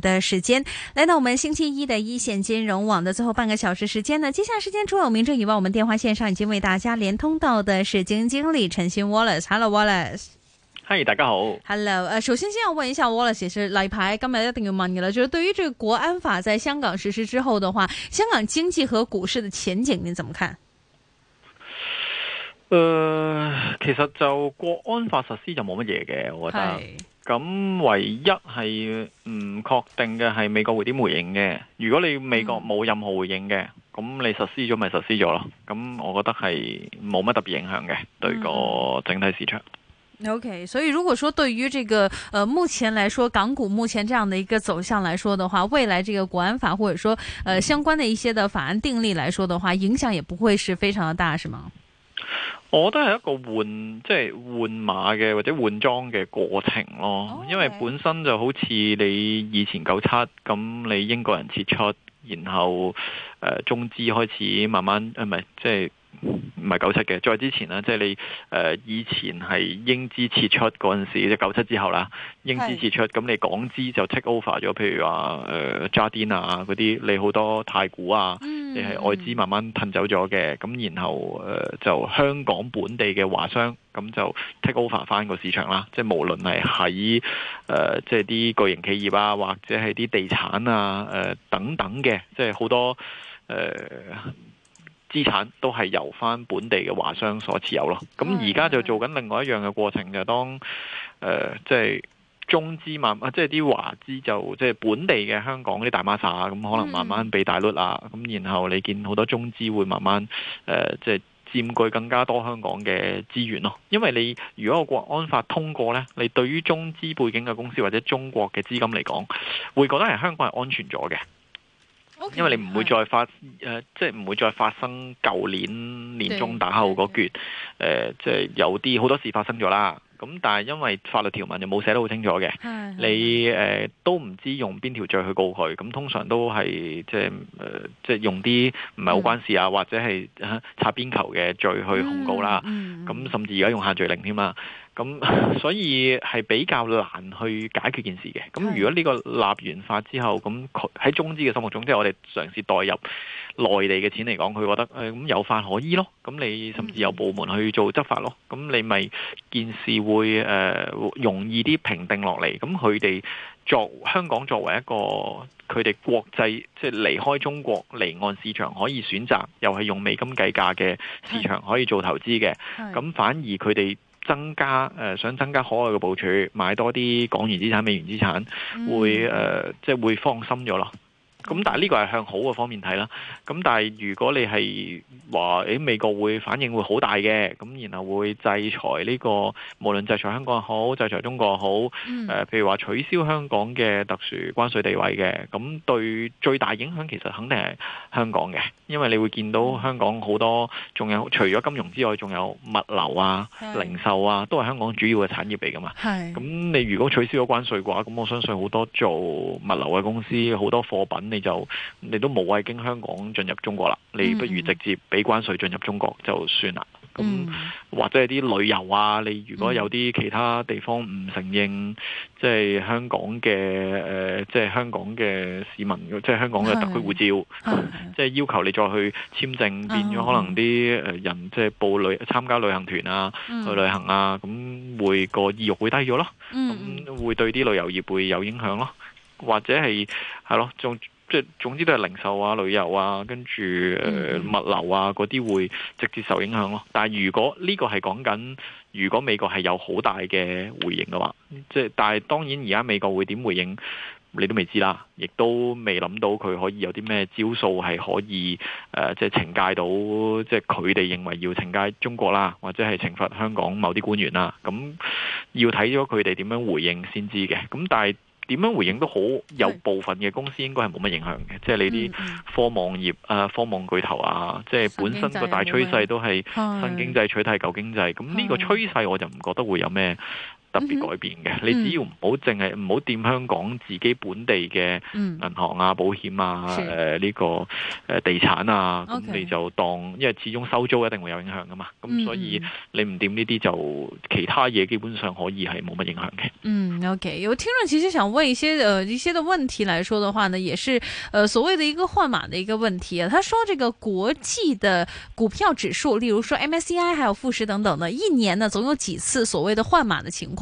的時間來到我們星期一的一線金融網的最後半個小時時間呢，接下來時間除了明正以外，我們電話線上已經為大家連通到的是基金經理陳昕 Wallace。Hi，大家好。Hello Wallace。Hello，呃，首先先要問一下 Wallace，其實例牌，今日一定要問的了。就是對於這個國安法在香港實施之後的話，香港經濟和股市的前景，你怎麼看？呃，其實就國安法實施就冇乜嘢嘅，我覺得。Hey. 咁唯一係唔確定嘅係美國會點回應嘅。如果你美國冇任何回應嘅，咁、嗯、你實施咗咪實施咗咯。咁我覺得係冇乜特別影響嘅對個整體市場、嗯。OK，所以如果說對於這個，呃，目前來說，港股目前這樣的一個走向來說的話，未來這個國安法或者說，呃，相關的一些的法案訂立，來說的話，影響也不會是非常的大，是嗎？我覺得係一個換即係換馬嘅或者換裝嘅過程咯，oh, okay. 因為本身就好似你以前九七咁，你英國人撤出，然後誒、呃、中資開始慢慢誒唔係即係。唔係九七嘅，再之前咧，即係你誒、呃，以前係英資撤出嗰陣時，即九七之後啦，英資撤出，咁是你港資就 take over 咗，譬如話誒，渣、呃、甸啊嗰啲，你好多太古啊，嗯、你係外資慢慢褪走咗嘅，咁、嗯、然後誒、呃、就香港本地嘅華商，咁就 take over 翻個市場啦，即係無論係喺誒，即係啲巨型企業啊，或者係啲地產啊，誒、呃、等等嘅，即係好多誒。呃資產都係由翻本地嘅華商所持有咯，咁而家就做緊另外一樣嘅過程，就當誒即係中資嘛，即係啲華資就即係、就是、本地嘅香港啲大孖沙啊，咁可能慢慢被大甩啊，咁然後你見好多中資會慢慢誒即係佔據更加多香港嘅資源咯，因為你如果個國安法通過呢，你對於中資背景嘅公司或者中國嘅資金嚟講，會覺得係香港係安全咗嘅。因為你唔會再發，誒 Okay, yes.、呃，即係唔會再發生舊年年中打後嗰撅、yes, yes , yes. 呃，即係有啲好多事發生咗啦。咁但係因為法律條文又冇寫得好清楚嘅，yes, yes. 你誒、呃、都唔知用邊條罪去告佢。咁通常都係即係、呃、即用啲唔係好關事啊，Yes. 或者係擦邊球嘅罪去控告啦。咁 Yes. 甚至而家用限聚令添嘛。咁所以係比較難去解決件事嘅。咁如果呢個立完法之後，咁佢喺中資嘅心目中，即、就、係、是、我哋嘗試代入內地嘅錢嚟講，佢覺得誒咁、哎、有法可依咯。咁你甚至有部門去做執法咯。咁你咪件事會誒、呃、容易啲平定落嚟。咁佢哋作香港作為一個佢哋國際，即係離開中國離岸市場可以選擇，又係用美金計價嘅市場可以做投資嘅。咁反而佢哋。增加誒、呃，想增加海外嘅部署，買多啲港元資產、美元資產會誒、呃，即係會放心咗咯。咁、嗯嗯、但係呢個係向好嘅方面睇啦。咁但係如果你係話誒美國會反應會好大嘅，咁然後會制裁呢、呢個無論制裁香港好，制裁中國好，誒、嗯呃、譬如話取消香港嘅特殊關稅地位嘅，咁對最大影響其實肯定係香港嘅，因為你會見到香港好多，仲有除咗金融之外，仲有物流啊、是零售啊，都係香港主要嘅產業嚟㗎嘛。咁是你如果取消咗關稅嘅話，咁我相信好多做物流嘅公司，好多貨品。你就你都無謂經香港進入中國啦，你不如直接俾關稅進入中國就算啦。咁、嗯、或者係啲旅遊啊，你如果有啲其他地方唔承認，嗯、即係香港嘅誒、呃，即係香港嘅市民，即係香港嘅特區護照，是是即係要求你再去簽證變咗可能啲誒人即係報旅參加旅行團啊，嗯、去旅行啊，咁會個意欲會低咗咯。咁、嗯、會對啲旅遊業會有影響咯，或者係係咯，仲。即係總之都係零售啊、旅遊啊，跟住、呃、物流啊嗰啲會直接受影響咯。但係如果呢、呢個係講緊，如果美國係有好大嘅回應嘅話，即係但係當然而家美國會點回應，你都未知啦，亦都未諗到佢可以有啲咩招數係可以誒，即係懲戒到即係佢哋認為要懲戒中國啦，或者係懲罰香港某啲官員啦。咁要睇咗佢哋點樣回應先知嘅。咁但係。點樣回應都好，有部分嘅公司應該係冇乜影響嘅，是即係你啲科網業、嗯、啊、科網巨頭啊，即係本身個大趨勢都係新經濟取代舊經濟，咁呢是個趨勢我就唔覺得會有咩。特別改變嘅，你、嗯嗯、只要唔好淨係唔好掂香港自己本地嘅銀行啊、嗯、保險啊、誒呢個地產啊，咁 okay, 你就當，因為始終收租一定會有影響噶嘛，咁、嗯、哼所以你唔掂呢啲就其他嘢基本上可以係冇乜影響嘅。嗯，OK，有聽眾其實想問一些、呃、一些嘅問題嚟說的話呢，也是、呃、所謂的一個換馬嘅一個問題啊。他說這個國際嘅股票指數，例如說 MSCI 還有富時等等呢一年呢，總有幾次所謂嘅換馬嘅情況。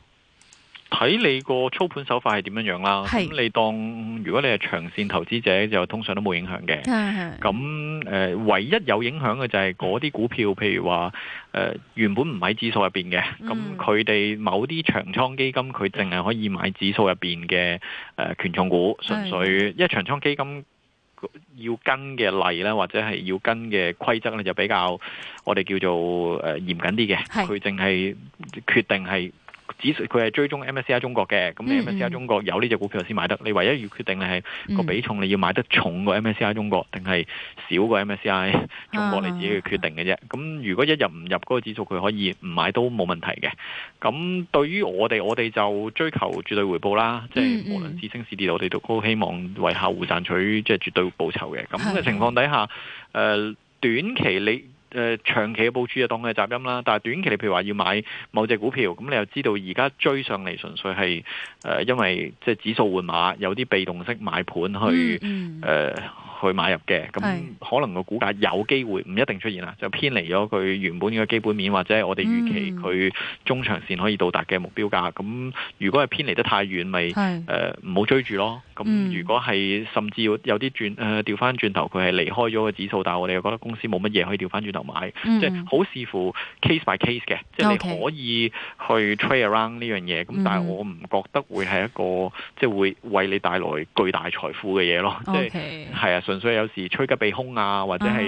睇你個操盤手法係點樣樣啦，咁你當如果你係長線投資者，就通常都冇影響嘅。咁、呃、唯一有影響嘅就係嗰啲股票，譬如話、呃、原本唔喺指數入邊嘅，咁佢哋某啲長倉基金，佢淨係可以買指數入邊嘅誒權重股，純粹是的 因為長倉基金要跟嘅例咧，或者係要跟嘅規則咧，就比較我哋叫做誒、呃、嚴謹啲嘅，佢淨係決定係。指佢係追蹤 MSCI 中國嘅，咁 MSCI 中國有呢隻股票先買得。嗯、你唯一要決定你係個比重，你要買得重過 MSCI 中國定係少過 MSCI 中國，嗯、還是中國你自己嘅決定嘅啫。咁、嗯嗯、如果一日唔入嗰個指數，佢可以唔買都冇問題嘅。咁對於我哋，我哋就追求絕對回報啦，嗯嗯、即係無論是升是跌，我哋都好希望為客戶賺取即係絕對報酬嘅。咁嘅、嗯、情況底下，誒的、呃、短期你。誒、呃、長期嘅佈署就當佢係雜音啦。但係短期你譬如話要買某隻股票，咁你又知道而家追上嚟純粹係誒、呃，因為即係指數換馬，有啲被動式買盤去誒。嗯嗯呃佢買入嘅，咁可能個股價有機會唔一定出現啦，就偏離咗佢原本嘅基本面或者我哋預期佢中長線可以到達嘅目標價，咁如果係偏離得太遠咪誒唔好追住咯。咁如果係甚至有啲轉誒調翻轉頭佢係離開咗個指數，但係我哋又覺得公司冇乜嘢可以調翻轉頭買，即係好視乎 case by case 嘅，Okay. 即係你可以去 trade around 呢樣嘢。咁但係我唔覺得會係一個即係會為你帶來巨大財富嘅嘢咯。Okay. 即係。係啊。純粹有時吹吉避凶啊，或者係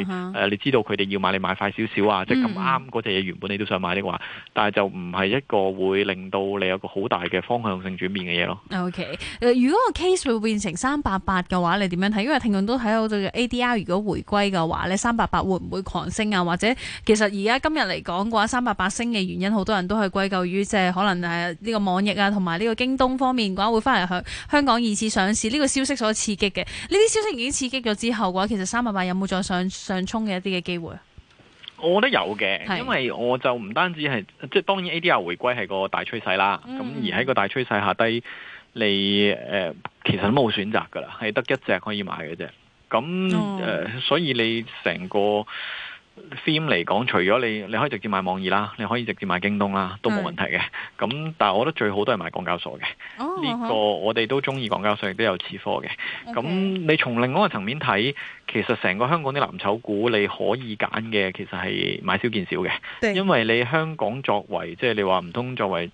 你知道佢哋要買，你買快少少啊，uh huh. 即咁啱嗰隻嘢原本你都想買的話，mm hmm. 但係就唔係一個會令到你有個好大嘅方向性轉變嘅嘢咯。O、okay. K，、呃、如果個 case 會變成三八八嘅話，你點樣睇？因為聽眾都睇到對 ADR 如果回歸嘅話咧，三八八會唔會狂升啊？或者其實而家今日嚟講嘅話，三八八升嘅原因好多人都係歸咎於即可能呢個網易啊，同埋呢個京東方面嘅話會翻嚟向香港二次上市呢、這個消息所刺激嘅。呢啲消息已經刺激咗。之後嘅話，其實三百萬有冇再上上衝嘅一啲嘅機會？我覺得有嘅，是因為我就唔單止係，即係當然 A D R 回歸係個大趨勢啦。咁、嗯、而喺個大趨勢下低，你誒、呃、其實都冇選擇噶啦，係得一隻可以買嘅啫。咁誒、嗯呃，所以你成個。t e m 嚟講，除咗你，你可以直接買網易啦，你可以直接買京東啦，都冇問題嘅。咁是，但係我覺得最好都係買港交所嘅。呢、oh, 個我哋都中意港交所，亦都有次科嘅。咁 Okay. 你從另外一個層面睇，其實成個香港啲藍籌股你可以揀嘅，其實係買少見少嘅。是因為你香港作為，即係你話唔通作為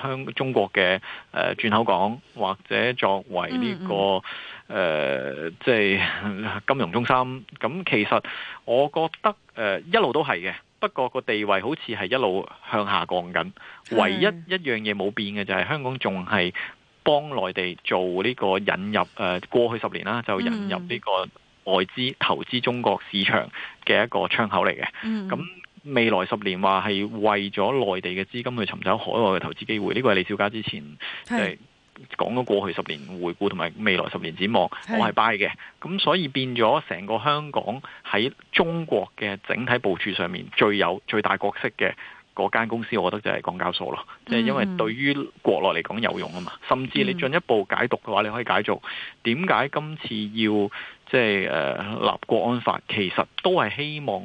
香中國嘅誒轉口港，或者作為呢、這個誒、嗯嗯呃、即係金融中心。咁其實我覺得。呃、一路都係嘅，不過個地位好似係一路向下降緊。唯一一樣嘢冇變嘅就係香港仲係幫內地做呢個引入誒、呃、過去十年啦、啊，就引入呢個外資投資中國市場嘅一個窗口嚟嘅。咁、嗯嗯嗯、未來十年話係為咗內地嘅資金去尋找海外嘅投資機會，呢個係李小嘉之前講咗過去十年回顧同埋未來十年展望，我係 buy 嘅，咁所以變咗成個香港喺中國嘅整體部署上面最有最大角色嘅嗰間公司，我覺得就係港交所咯。即係因為對於國內嚟講有用啊嘛，甚至你進一步解讀嘅話，你可以解做，點解今次要即係誒立國安法，其實都係希望，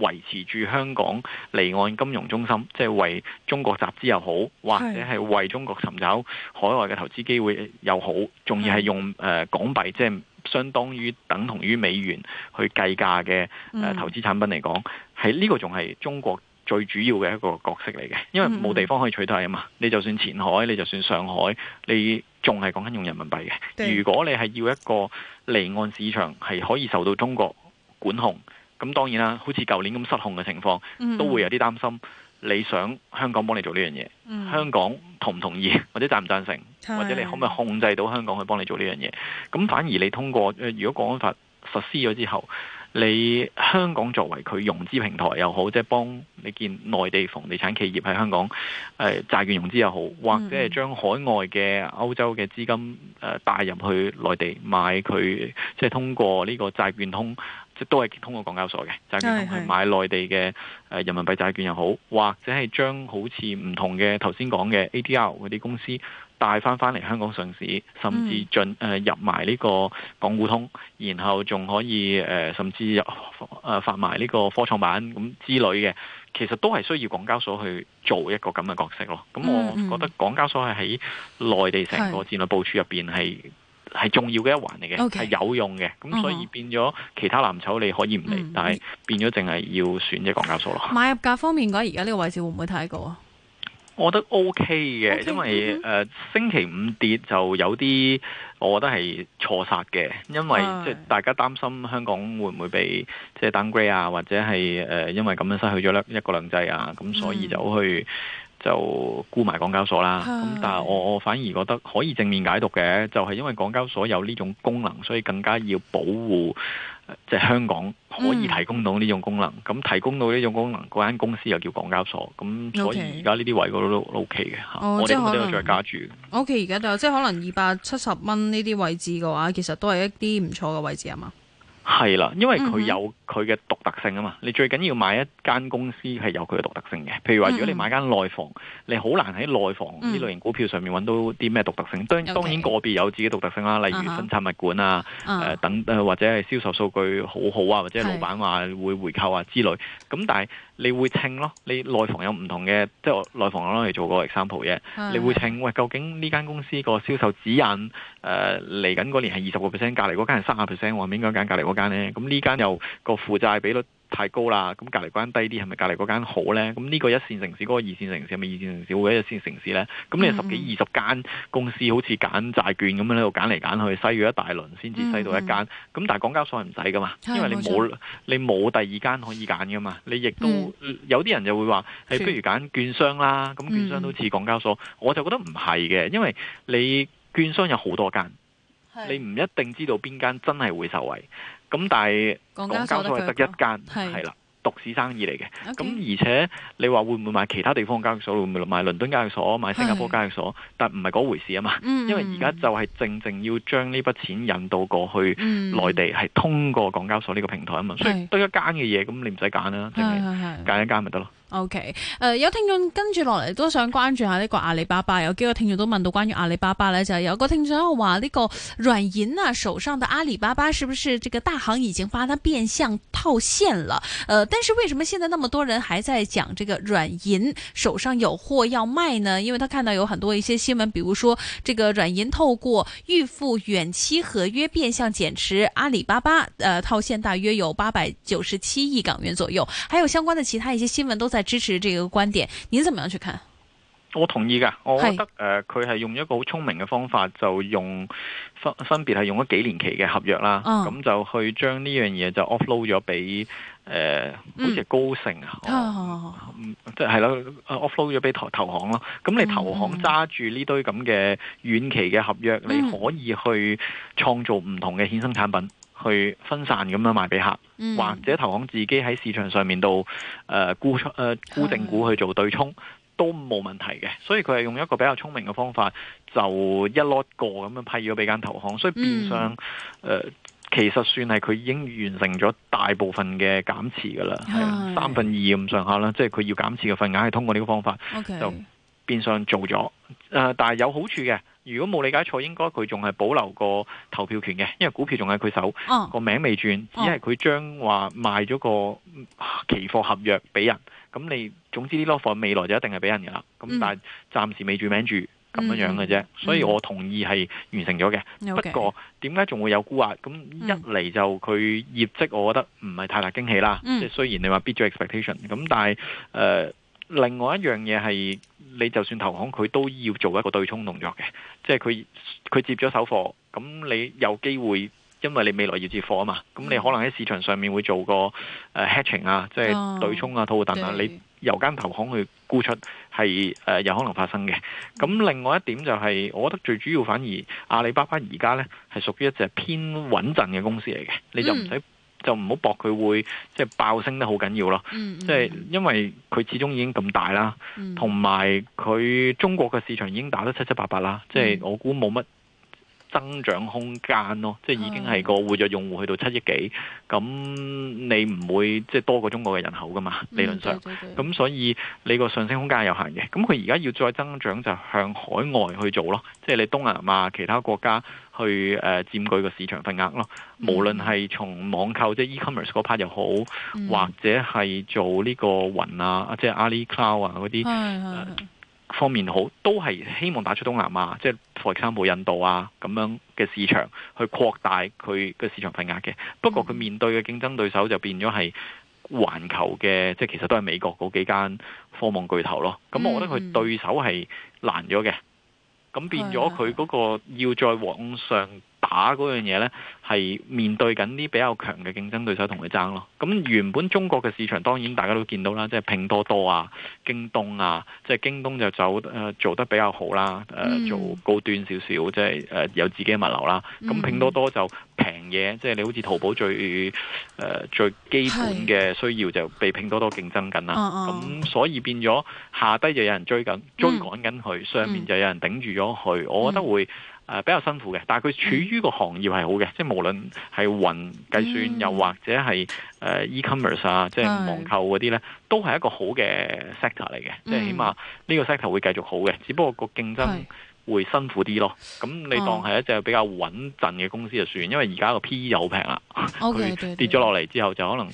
維持住香港離岸金融中心，即係為中國集資又好，或者係為中國尋找海外嘅投資機會又好，仲要係用誒港幣，即係相當於等同於美元去計價嘅誒投資產品嚟講，嗯，喺呢個仲係中國最主要嘅一個角色嚟嘅，因為冇地方可以取代啊嘛。你就算前海，你就算上海，你仲係講緊用人民幣嘅。如果你係要一個離岸市場係可以受到中國管控。咁當然啦，好似舊年咁失控嘅情況，都會有啲擔心。你想香港幫你做呢樣嘢，香港同唔同意，或者贊唔贊成，或者你可唔可以控制到香港去幫你做呢樣嘢？咁反而你通過，呃、如果國安法實施咗之後，你香港作為佢融資平台又好，即係幫你建內地房地產企業喺香港誒、呃、債券融資又好，或者係將海外嘅歐洲嘅資金、呃、帶入去內地買佢，即係通過呢個債券通。即都係通過港交所嘅，債券同埋買內地嘅誒人民幣債券又好，是是或者係將好似唔同嘅頭先講嘅 ADR 嗰啲公司帶翻翻嚟香港上市，甚至進誒、呃、入埋呢個港股通，然後仲可以誒、呃、甚至入誒、呃、發埋呢個科創板咁之類嘅，其實都係需要港交所去做一個咁嘅角色咯。咁是是 我覺得港交所係喺內地成個戰略部署入邊係係重要嘅一環嚟嘅，係 Okay. 有用嘅，咁所以變咗其他藍籌你可以唔理，嗯、哼但係變咗淨係要選一港交所咯。買入價方面嘅，而家呢個位置會唔會太高啊？我覺得 OK 嘅，因為誒星期五跌就有啲，我覺得係錯殺嘅，因為即係大家擔心香港會唔會被即係、就是、downgrade 啊，或者係誒、呃、因為咁樣失去咗一國兩制啊，咁所以就去。嗯就沽埋港交所啦，咁但係我我反而覺得可以正面解讀嘅，就係、是、因為港交所有呢種功能，所以更加要保護即係、就是、香港可以提供到呢種功能，咁、嗯、提供到呢種功能，嗰間公司又叫港交所，咁所以而家呢啲位都都 O K 嘅。我哋哦，即係加住。O K 而家就即係可能二百七十蚊呢啲位置嘅話，其實都係一啲唔錯嘅位置啊嘛。係啦，因為佢有。佢嘅獨特性啊嘛，你最緊要買一間公司係有佢嘅獨特性嘅。譬如話，如果你買間內房，嗯、你好難喺內房呢類型股票上面揾到啲咩獨特性。當然當然個別有自己的獨特性啦，例如分拆物管啊，等、啊哈啊、或者係銷售數據好好啊，或者係老闆話會回購啊之類。咁是但係你會秤咯，你內房有唔同嘅，即係內房我攞嚟做個 example 嘅。是你會秤喂，究竟呢間公司個銷售指引誒嚟緊嗰年係二十個 percent，隔離嗰間係三十 percent，我係咪應該揀隔離嗰間咧？咁呢間又負債比率太高啦，咁隔籬間低啲，係咪隔籬嗰間好呢？咁呢個一線城市，嗰、嗰個二線城市，係咪二線城市會一線城市呢？咁你十幾二十間公司，好似揀債券咁樣喺度揀嚟揀去，篩咗一大輪先至篩到一間。咁、嗯嗯、但係港交所係唔使噶嘛，因為你冇錯你冇第二間可以揀噶嘛。你亦都、嗯、有啲人就會話，係、欸、不如揀券商啦。咁券商都似港交所，嗯、我就覺得唔係嘅，因為你券商有好多間，是你唔一定知道邊間真係會受惠。咁、嗯、但係港交所係得一間係啦，獨的市生意嚟嘅。咁 Okay, 而且你話會唔會買其他地方交易所？會唔會買倫敦交易所，買新加坡交易所？是的 但唔係嗰回事啊嘛。嗯嗯，因為而家就係正正要將呢筆錢引到過去內地，係、嗯、通過港交所呢個平台啊嘛。是的 所以得一間嘅嘢，咁你唔使揀啦，淨係揀一間咪得咯。O.K. 呃，有聽眾跟住落嚟都想關注下呢個阿里巴巴。有幾個聽眾都問到關於阿里巴巴咧，就係有個聽眾話呢個軟銀啊手上的阿里巴巴是不是這個大行已經把它變相套現了？呃，但是為什麼現在那麼多人還在講這個軟銀手上有貨要賣呢？因為他看到有很多一些新聞，比如說這個軟銀透過預付遠期合約變相減持阿里巴巴，呃，套現大約有八百九十七億港元左右，還有相關的其他一些新聞都在。在支持這個觀點，你怎麼樣去看？我同意㗎，我覺得誒，佢係是、呃、用一個好聰明嘅方法，就用分分別係用咗幾年期嘅合約啦，咁、哦、就去將呢樣嘢就 offload 咗俾誒，好似係高盛啊，即係係咯，offload 咗俾投投行咯，咁你投行揸住呢堆咁嘅遠期嘅合約，嗯、你可以去創造唔同嘅衍生產品，嗯、去分散咁樣賣俾客。或者投行自己喺市場上面度誒沽出，誒沽正股去做對沖的都冇問題嘅，所以佢係用一個比較聰明嘅方法，就一 lot 過咁樣批咗俾間投行。所以變相誒、呃、其實算係佢已經完成咗大部分嘅減持㗎啦，三的的分二咁上下啦，即係佢要減持嘅份額係通過呢個方法 Okay 就變相做咗誒、呃，但係有好處嘅。如果冇理解錯，應該佢仲係保留個投票權嘅，因為股票仲喺佢手，個、哦、名未轉，只係佢將話賣咗個期貨合約俾人。咁你總之啲攞貨未來就一定係俾人噶啦。咁、嗯、但係暫時未轉名住咁樣樣嘅啫。嗯嗯、所以我同意係完成咗嘅。Okay，不過點解仲會有沽壓？咁一嚟就佢業績，我覺得唔係太大驚喜啦。即係、嗯、雖然你話 beat 咗 expectation，咁但係誒。呃另外一樣嘢係，你就算投行佢都要做一個對沖動作嘅，即係佢佢接咗手貨，咁你有機會，因為你未來要接貨啊嘛，咁你可能喺市場上面會做個誒、呃、hatching 啊，即係對沖啊、哦、套戥啊，對你由間投行去沽出係誒、呃、有可能發生嘅。咁另外一點就係、是，我覺得最主要反而阿里巴巴而家呢係屬於一隻偏穩陣嘅公司嚟嘅，你就唔使、嗯。就唔好搏佢會即係爆升得好緊要咯，即係因為佢始終已經咁大啦，同埋佢中國嘅市場已經打得七七八八啦，即係我估冇乜。增長空間咯，即係已經係個活躍用戶去到七億幾，咁你唔會即多過中國嘅人口噶嘛？嗯、理論上，咁所以你個上升空間係有限嘅。咁佢而家要再增長就向海外去做咯，即係你東南亞啊、其他國家去誒、呃、佔據個市場份額咯。嗯、無論係從網購即 e-commerce 嗰 part 又好，嗯、或者係做呢個雲啊，即係阿里 Cloud 啊嗰啲。對對對方面好，都係希望打出東南亞，即係巴基斯坦、印度啊咁樣嘅市場，去擴大佢嘅市場份額嘅。不過佢面對嘅競爭對手就變咗係環球嘅，即係其實都係美國嗰幾間科網巨頭咯。咁我覺得佢對手係難咗嘅，咁、嗯、變咗佢嗰個要再往上。打嗰樣嘢呢，係面對緊啲比較強嘅競爭對手同佢爭咯。咁原本中國嘅市場當然大家都見到啦，即係拼多多啊、京東啊，即係京東就走誒、呃、做得比較好啦，誒、呃、做高端少少，即係誒、呃、有自己嘅物流啦。咁拼、嗯、多多就平嘢，即係、嗯、你好似淘寶最誒、呃、最基本嘅需要就被拼多多競爭緊啦。咁、嗯嗯、所以變咗下低就有人追緊追趕緊佢，上面就有人頂住咗佢。嗯、我覺得會。嗯誒、呃、比較辛苦嘅，但係佢處於個行業係好嘅，嗯、即係無論係雲計算又或者係、呃、e-commerce 啊，嗯、即係網購嗰啲咧，都係一個好嘅 sector 嚟嘅，嗯、即係起碼呢個 sector 會繼續好嘅，只不過個競爭會辛苦啲咯。咁是你當係一隻比較穩陣嘅公司就算，嗯、因為而家個 P/E 就好平啦，佢 okay, 跌咗落嚟之後就可能。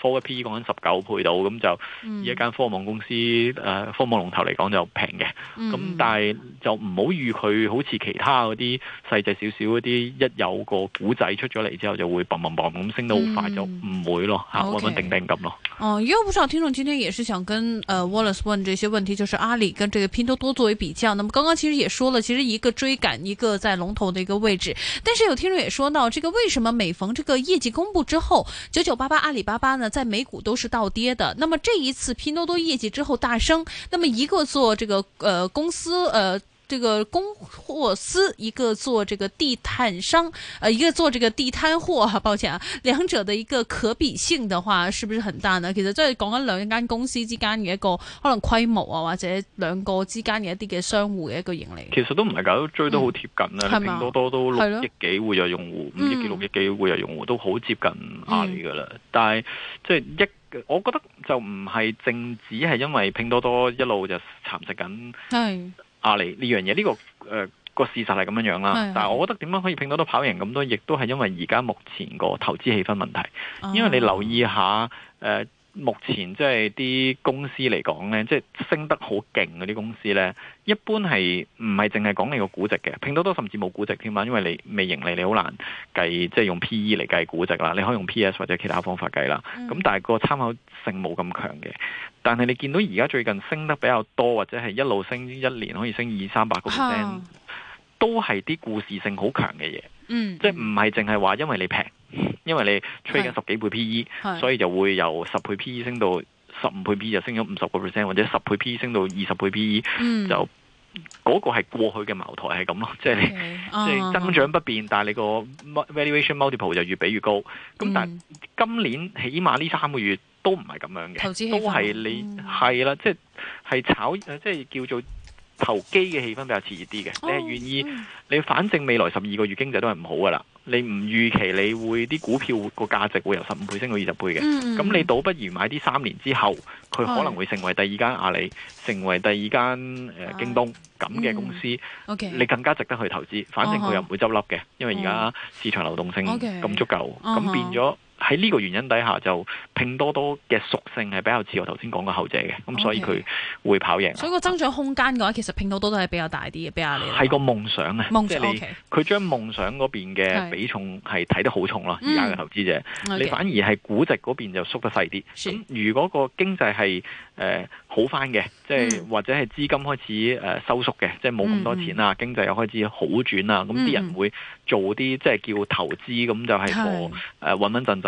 科一 PE 講緊十九倍到，咁就以一間科網公司誒、嗯啊、科網龍頭嚟講就平嘅，咁、嗯、但係就唔好預佢好似其他嗰啲細細少少嗰啲一有個股仔出咗嚟之後就會砰砰砰咁升得好快就，就唔會咯嚇，穩穩定定咁咯。哦、嗯，有、okay 呃、不少聽眾今天也是想跟誒、呃、Wallace 問這些問題，就是阿里跟這個拼多多作為比較，那麼剛剛其實也説了，其實一個追趕，一個在龍頭的一個位置，但是有聽眾也說到，這個為什麼每逢這個業績公布之後，九九八八阿里巴巴呢？在美股都是倒跌的。那麼這一次拼多多業績之後大升，那麼一個做這個呃公司呃。這個供貨司一個做這個地毯商，呃，一個做這個地攤貨。哈，抱歉啊，兩者的一個可比性的話，是不是很大呢？其實即係講緊兩間公司之間嘅一個可能規模啊，或者兩個之間嘅一啲嘅商戶嘅一個盈利，其實都唔係搞，都追得好貼近啊。拼、嗯、多多都六億幾活躍用戶，五億、六億幾活躍用戶都好接近阿里噶啦。嗯、但係即係一，我覺得就唔係淨止係因為拼多多一路就蠶食緊。係。阿里呢樣嘢呢個誒、呃、個事實係咁樣啦，是是但係我覺得點樣可以拼到到跑贏咁多，亦都係因為而家目前個投資氣氛問題，因為你留意下誒。呃目前即係啲公司嚟講咧，即係升得好勁嗰啲公司咧，一般係唔係淨係講你個估值嘅，拼多多甚至冇估值添嘛，因為你未盈利，你好難計，即係用 P E 嚟計估值啦，你可以用 P S 或者其他方法計啦。咁，嗯，但係個參考性冇咁強嘅，但係你見到而家最近升得比較多，或者係一路升，一年可以升二三百個 percent，都係啲故事性好強嘅嘢。嗯，即係唔係淨係話因為你平。因為你 trade 緊十幾倍 PE，所以就會由十倍 PE 升到十五倍 PE 就升咗五十個 percent，或者十倍 PE 升到二十倍 PE，嗯、就嗰個係過去嘅茅台係咁咯，即係即係增長不變、啊、但係你個 valuation multiple 就越比越高。咁、嗯、但係今年起碼呢三個月都唔係咁樣嘅，都係你係啦，即係、嗯就是、炒，即、就、係、是、叫做投機嘅氣氛比較熾熱啲嘅。哦、你係願意，嗯、你反正未來十二個月經濟都係唔好噶啦。你唔預期你會啲股票個價值會由十五倍升到二十倍嘅，咁、嗯、你倒不如買啲三年之後佢可能會成為第二間阿里、成為第二間、呃、京東咁嘅公司，嗯 okay. 你更加值得去投資。反正佢又唔會執笠嘅，uh huh. 因為而家市場流動性咁足夠，咁、uh huh. 變咗。喺呢個原因底下，就拼多多嘅屬性係比較似我頭先講過後者嘅，咁所以佢會跑贏。所以個增長空間嘅話，其實拼多多都係比較大啲，比較係個夢想啊，夢想你佢將夢想嗰邊嘅比重係睇得好重咯。而家嘅投資者，你反而係估值嗰邊就縮得細啲。如果個經濟係誒好翻嘅，即係或者係資金開始誒收縮嘅，即係冇咁多錢啦，經濟又開始好轉啦，咁啲人會做啲即係叫投資，咁就係和誒穩穩陣陣。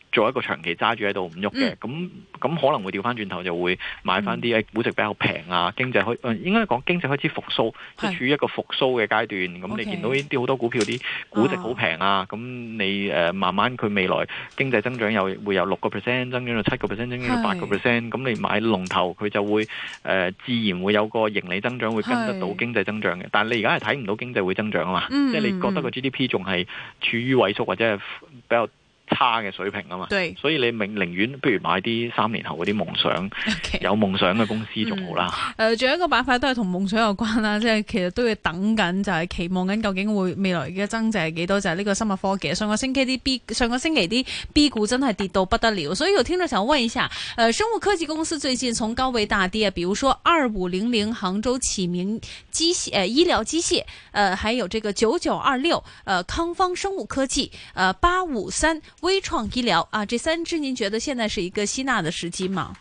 做一個長期揸住喺度唔喐嘅，咁咁、嗯、可能會掉翻轉頭就會買翻啲誒估值比較平啊，嗯、經濟開應該講經濟開始復甦，是即係處於一個復甦嘅階段。咁是你見到呢啲好多股票啲估值好平啊，咁、啊、你誒慢慢佢未來經濟增長又會由六個 percent 增長到七個 percent 增長到八個 percent，咁你買龍頭佢就會誒、呃、自然會有個盈利增長會跟得到經濟增長嘅。是但係你而家係睇唔到經濟會增長啊嘛，嗯、即係你覺得個 GDP 仲係處於萎縮或者係比較差嘅水平啊嘛，對所以你寧寧願不如買啲三年後嗰啲夢想 Okay 有夢想嘅公司仲好啦。誒、嗯，仲、呃、有一個板塊都係同夢想有關啦，即、就、係、是、其實都要等緊，就係、是、期望緊究竟會未來嘅增值係幾多？就係、是、呢個生物科技。上個星期啲 B，上個星期啲 B 股真係跌到不得了。所以有聽眾想問一下，誒、呃、生物科技公司最近從高位大跌，比如說二五零零杭州啟明機械誒、呃、醫療機械，誒、呃、還有這個九九二六誒康方生物科技，誒八五三，微創醫療啊，這三支，您覺得現在是一個吸納的時機嗎？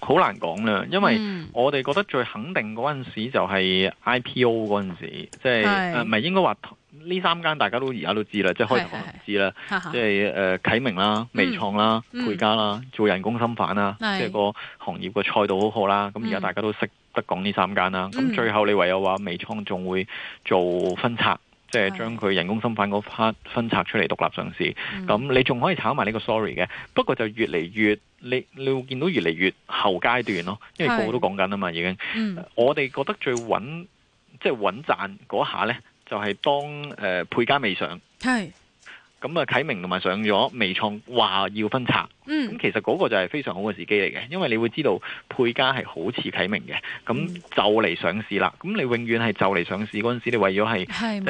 好難講啦，因為我哋覺得最肯定嗰陣時就係 IPO 嗰陣時，即係唔係應該話呢三間大家都而家都知啦，即係開始知啦，即係誒啟明啦、微創啦、嗯、沛嘉啦，做人工心瓣啦，即係、嗯、個行業個賽道好好啦。咁而家大家都識得講呢三間啦。咁、嗯、最後你唯有話微創仲會做分拆。即係將佢人工心瓣嗰 part 分拆出嚟獨立上市，咁、嗯、你仲可以炒埋呢個 sorry 嘅，不過就越嚟越你你會見到越嚟越後階段咯，因為個個都講緊啦嘛，已經是，我哋覺得最穩即係穩賺嗰下呢，就係、是、當誒、呃、配加未上。咁啊，啟明同埋上咗微創話要分拆，咁、嗯、其實嗰個就係非常好嘅時機嚟嘅，因為你會知道配家係好似啟明嘅，咁、嗯、就嚟上市啦。咁你永遠係就嚟上市嗰陣時，你為咗係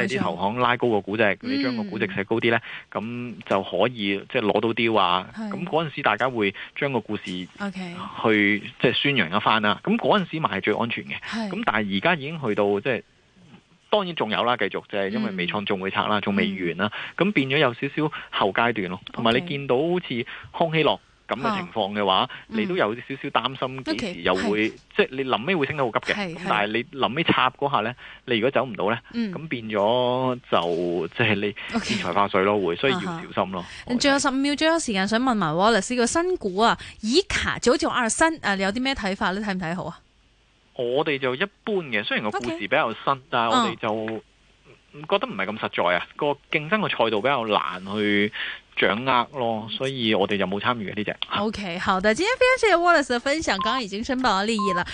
即係啲投行拉高個估值，嗯、你將個估值寫高啲呢，咁就可以即係攞到啲話、啊。咁嗰陣時大家會將個故事去 okay, 即係宣揚一番啦。咁嗰陣時咪係最安全嘅。咁是但係而家已經去到即係。就是當然仲有啦，繼續就係因為微創仲會拆啦，仲、嗯、未完啦，咁變咗有少少後階段咯。同埋、嗯、你見到好似康希諾咁嘅情況嘅話，啊嗯、你都有少少擔心幾時又會、嗯、okay, 即係你臨尾會升得好急嘅，但係你臨尾插嗰下咧，你如果走唔到咧，咁、嗯、變咗就即係、就是、你變財化水咯，會、嗯 okay, 所以要小心咯。仲有十五秒最後秒時間，想問埋 Wallace 個新股啊，Eka 就好似二十三，誒，有啲咩睇法你睇唔睇好啊？我哋就一般嘅，雖然個故事比較新，okay, 但係我哋就覺得唔係咁實在啊。個競、嗯、爭個賽道比較難去掌握咯，所以我哋就冇參與嘅呢隻。OK，好的，咁今天非常謝謝 Wallace 嘅分享，剛剛已經申報咗利益啦。